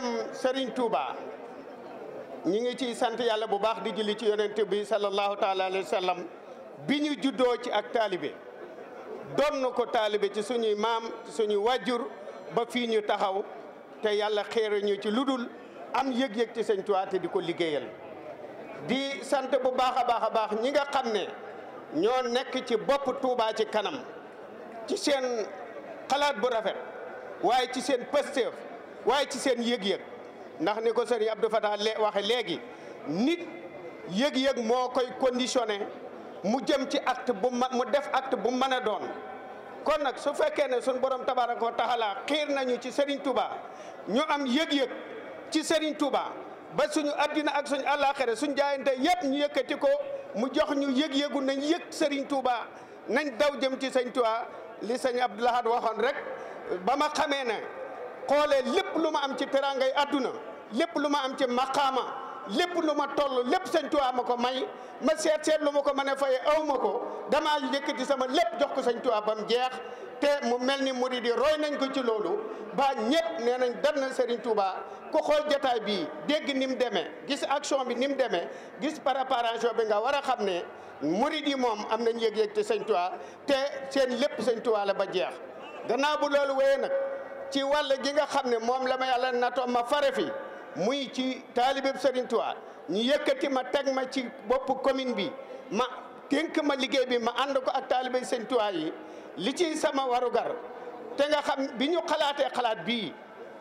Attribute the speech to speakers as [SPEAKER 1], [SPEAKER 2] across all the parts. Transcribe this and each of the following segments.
[SPEAKER 1] mbiram Serigne Touba ñi ngi ciy sant yàlla bu baax di julli ci yonent bi sallallahu taala alayhi bi ñu juddoo ci ak taalibe donn ko taalibe ci suñuy maam suñuy wàjjur ba fii ñu taxaw te yàlla xéere ci lu dul am yëg-yëg ci Sëñ Tuubaa di ko liggéeyal di sant bu baax a baax a baax ñi nga xam ne ñoo nekk ci bopp Touba ci kanam ci seen xalaat bu rafet waaye ci seen pësteef waaye ci seen yëg-yëg ndax ni ko sëriñ Abdou Fatah le waxe léegi nit yëg-yëg moo koy conditionné mu jëm ci acte bu mu def acte bu mën a doon kon nag su fekkee ne suñ borom tabaraka wa taala xiir nañu ci sëriñ Touba ñu am yëg-yëg ci sëriñ Touba ba suñu àddina ak suñu àllaaxira suñ jaayante yëpp ñu yëkkati ko mu jox ñu yëg-yëgu nañ yëg sëriñ Touba nañ daw jëm ci sëñ Touba li sëñ Abdoul Ahad waxoon rek ba ma xamee ne xoolee lépp lu ma am ci terangay adduna lépp lu ma am ci maqaama lépp lu ma toll lépp sëñ Tuubaa ma ko may ma seet seet lu ma ko mën a faye aw ma ko damaa di sama lépp jox ko sëñ Tuubaa ba mu jeex te mu mel ni murid yi roy nañ ko ci loolu ba ñëpp nee nañ dar na Serigne Touba ku xool jataay bi dégg ni mu demee gis action bi ni mu demee gis préparation bi nga war a xam ne murid yi moom am nañ yëg-yëg ci sëñ Touba te seen lépp sëñ Touba la ba jeex gannaaw bu loolu wéyee nag. ci wàll ji nga xam ne moom la ma yàlla na natoo ma fare fi muy ci taalibe Serigne ñu yëkkati ma teg ma ci boppu commune bi ma dénk ma liggéey bi ma ànd ko ak taalibe Serigne yi li ci sama warugar te nga xam bi ñu xalaatee xalaat bii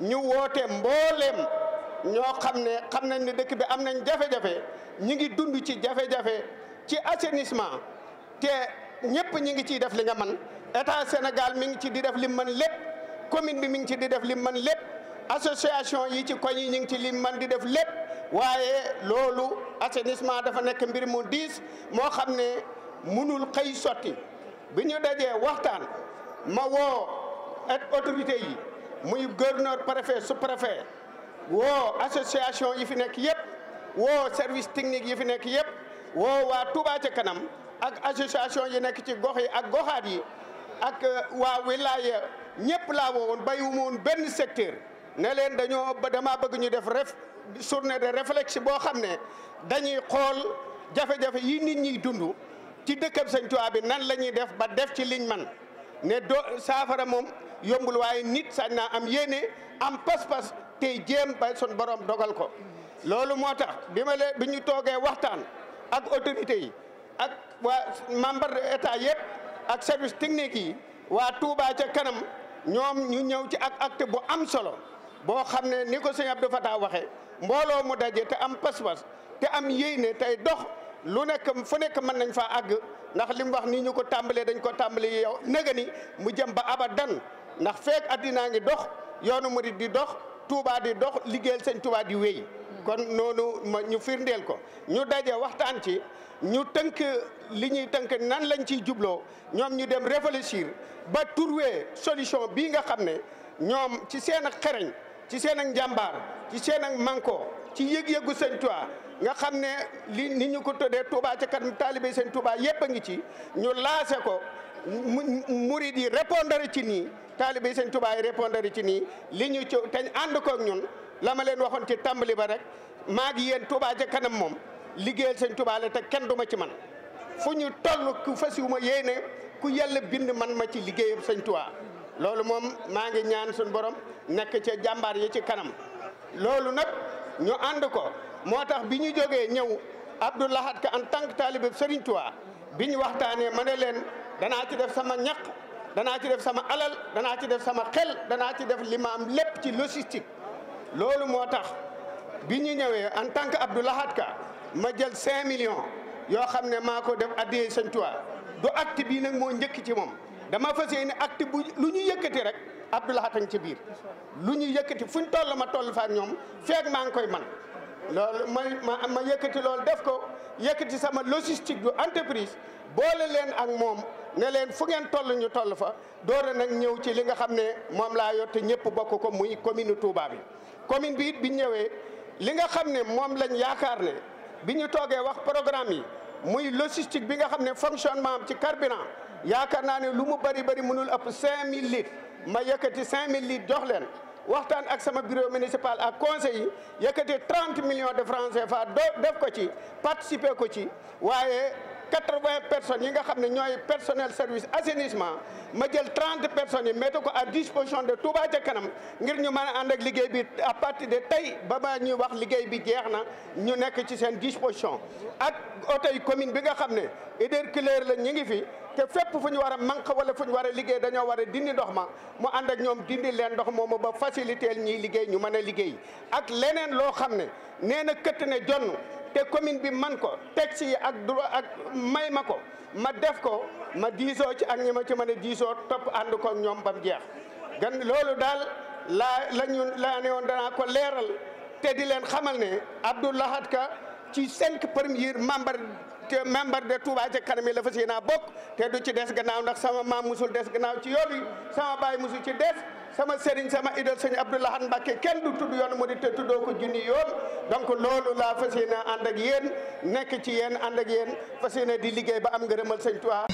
[SPEAKER 1] ñu woote mbooleem ñoo xam ne xam nañ ne dëkk bi am nañ jafe-jafe ñi ngi dund ci jafe-jafe ci assainissement te ñëpp ñi ngi ciy def li nga man état Sénégal mi ngi ci di def li mën lépp commune bi mi ngi ci di def lim man lépp association yi ci koñ yi ñu ngi ci lim man di def lépp waaye loolu assainissement dafa nekk mbir mu diis moo xam ne munul xëy sotti bi ñu dajee waxtaan ma woo ak autorité yi muy gouverneur préfet sous-préfet woo association yi fi nekk yëpp woo service technique yi fi nekk yëpp woo waa Touba ca kanam ak association yi nekk ci gox yi ak goxaat yi ak euh, waa wilaya ñëpp laa woowoon bàyyiwuma woon benn secteur ne leen dañoo ba damaa bëgg ñu def ref journée de réflexion boo xam ne dañuy xool jafe-jafe yi nit ñiy dund ci dëkkam sañ Tuubaa bi nan la ñuy def ba def ci liñ man ne doo saafara moom yombul waaye nit sañ naa am yéene am pas-pas tey jéem ba sun borom dogal ko loolu moo tax bi ma leen bi ñu toogee waxtaan ak autorité yi ak waa membre état yëpp ak service technique yi waa tuubaa ca kanam ñoom ñu ñëw ci ak acte bu am solo boo xam ne ni ko sëñ dafa Fatah waxee mbooloo mu daje te am pas-pas te am ne tey dox lu nekk fu nekk mën nañ faa àgg ndax li mu wax nii ñu ko tàmbalee dañ ko tàmbalee yow nëga mu jëm ba aba abadan ndax feek àddinaa ngi dox yoonu murid di dox tuubaa di dox liggéeyal sëñ Touba di wéy kon noonu ma ñu firndeel ko ñu daje waxtaan ci ñu tënk li ñuy tënk nan lañ ciy jubloo ñoom ñu dem réfléchir ba trouver solution bii nga xam ne ñoom ci seen ak xereñ ci seen ak njàmbaar ci seen ak manko ci yëg-yëgu sëñ Tuubaa nga xam ne li ni ñu ko tëddee Tuubaa ca kanam taalibe sëñ Tuubaa yëpp a ngi ci ñu laase ko mu murid yi répondre ci nii taalibe sëñ Tuubaa yi répondre ci nii li ñu ci teñ ànd ko ñun la ma leen waxoon ci tàmbali ba rek maa ngi yéen Touba ca kanam moom liggéeyal sëñ Touba te kenn du ma ci man fu ñu toll ku fas yu ma yéene ku yàlla bind man ma ci liggéeyam sëñ Touba loolu moom maa ngi ñaan suñu borom nekk ca jàmbaar yi ci kanam loolu nag ñu ànd ko moo tax bi ñu jógee ñëw Abdou Lahad Ka en tant que taalibe Serigne bi ñu waxtaanee ma ne leen danaa ci def sama ñaq danaa ci def sama alal danaa ci def sama xel danaa ci def limaam ma lépp ci logistique loolu moo tax bi ñu ñëwee en tant que Abdou Lahad Ka ma jël 5 millions yoo xam ne maa ko def addiyee Sëñ Tuubaa du acte bii nag moo njëkk ci moom dama fas yéene acte bu lu ñu yëkkati rek Abdou Lahad a ci biir lu ñu yëkkati fu ñu toll ma toll faa ñoom feeg maa ngi koy man loolu ma ma ma yëkkati loolu def ko yëkkati sama logistique du entreprise boole leen ak moom. ne leen fu ngeen toll ñu toll fa doore nag ñëw ci li nga xam ne moom laa yor te ñëpp bokk ko muy commune Touba bi. commune bi it ñëwee li nga xam ne moom lañ yaakaar ne bi ñu toogee wax programme yi muy logistique bi nga xam ne fonctionnement am ci carburant yaakaar naa ne lu mu bari bari mënul ëpp 5000 litres ma yëkkati 5000 litres jox leen. waxtaan ak sama bureau municipal ak conseil yi yëkkati 30 millions de francs CFA def ko ci participer ko ci waaye quatre-vingts personnes yi nga xam ne ñooy personnel service assainissement ma jël trente personnes yi mettre ko à disposition de Touba ca kanam ngir ñu mën a ànd ak liggéey bi à parti de tey ba ba ñuy wax liggéey bi jeex na ñu nekk ci seen disposition ak oto commune bi nga xam ne hydrocureur la ñu ngi fi te fépp fu ñu war a manque wala fu ñu war a liggéey dañoo war a dindi ndox ma mu ànd ak ñoom dindi leen ndox moomu ba faciliter ñiy liggéey ñu mën a liggéey ak leneen loo xam ne nee na këtt ne jonn te commune bi man ko texte yi ak droit ak may ma ko ma def ko ma diisoo ci ak ma ci mën a diisoo topp ànd ko ñoom bam jeex gan loolu daal laa la ñu laa ne woon danaa ko leeral te di leen xamal ne Abdou Lahad Ka ci cinq premiers membres te membre de Touba ca kanam yi la fas yéenaa bokk te du ci des ganaaw ndax sama maam musul des gannaaw ci yoon yi sama baay musul ci des sama sëriñ sama idol sëñ Abdoulahan Mbacke kenn du tudd yoon mu di te tuddoo ko junni yoon donc loolu laa fas yéene ànd ak yéen nekk ci yéen ànd ak yéen fas yéene di liggéey ba am ngërëmal sañ Touba